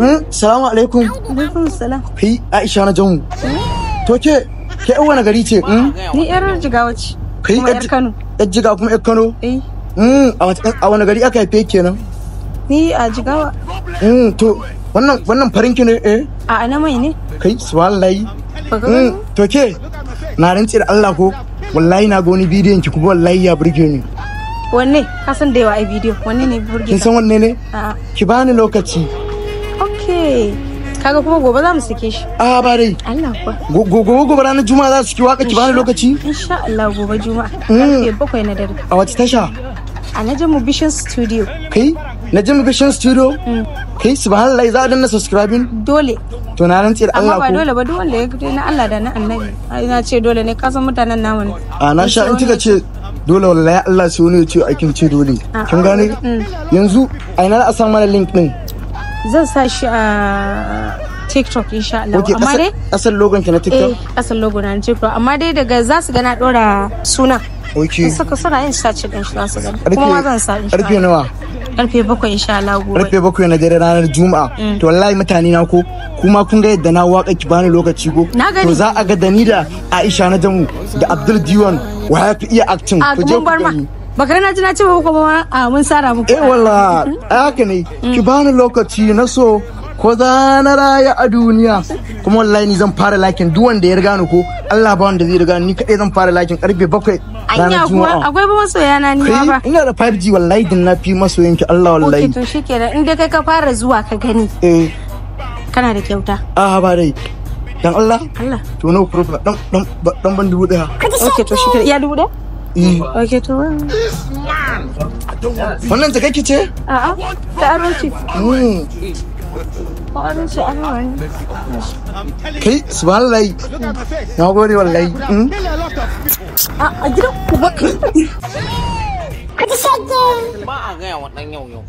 Eh, salamu alaikum. Alaikum salam. Kai Aisha na jamu. To ke ke yan wani gari ce? Hmm? Ni yar jigawa ce. Kai yar Kano. Yar jigawa kuma yar Kano? Eh. Hmm, a wani gari aka haife kenan? Ni a jigawa. Hmm, to wannan wannan farin ki ne eh? A ana mai ne. Kai subhanallahi. To ke na rantsi da Allah ko wallahi na goni wani bidiyon ki kuma wallahi ya burge ni. wanne Kasan da yawa a bidiyo wanne ne burge kin san wanne ne ki bani lokaci Eh, kaga kuma gobe za mu sike shi a ah, ba dai Allah ko gobe gobe ranar juma'a za su ki waka ki bani lokaci insha Allah gobe juma'a hmm. karfe 7 na dare a wace tasha a Najamu Vision Studio kai Najamu Vision Studio hmm. kai subhanallah za a danna subscribing dole to na rantsi da Allah ko amma ba dole ba duk wanda ya na Allah da na annabi ina ce dole ne ka san mutanen namu ne a na sha in kika ce dole wallahi Allah sai wani ya ce aikin ce dole ah. kin gane hmm. yanzu a ina za a san mana link din zan sa shi a tiktok insha Allah okay, amma dai asal logon ki na tiktok eh asal logo na tiktok amma dai daga za su ga na dora suna okay saka suna yin search din shi su ga kuma zan sa insha Allah nawa karfe bakwai insha Allah gobe karfe bakwai na dare ranar juma'a mm. to wallahi mutane na ko kuma kun ga yadda na waka ki bani lokaci ko to za a ga da da Aisha na jamu da Abdul Diwan wa ya fi iya acting to je ku gani baka na ji na ce muku ba a mun sara muku eh walla haka ne ki bani lokaci na so ko za na raya a duniya kuma wallahi ni zan fara lakin duk wanda ya riga ni ko Allah ba wanda zai riga ni kadai zan fara lakin karfe 7 Anya kuwa? akwai ba masoya na ni ba ina da 5G wallahi din na fi masoyan ki Allah wallahi to shikenan in dai kai ka fara zuwa ka gani eh kana da kyauta a ah, ba dai dan Allah Allah to no problem dan dan ban dubu daya okay to shikenan ya dubu daya Eh. Wannan ta kake ce? A'a, ta aro ce. Hmm. Eh. Kai, subhanallah. Na gode wallahi. Hmm? A gidan ku ba. Ka ji Ba a gaya wa ɗan yau yau.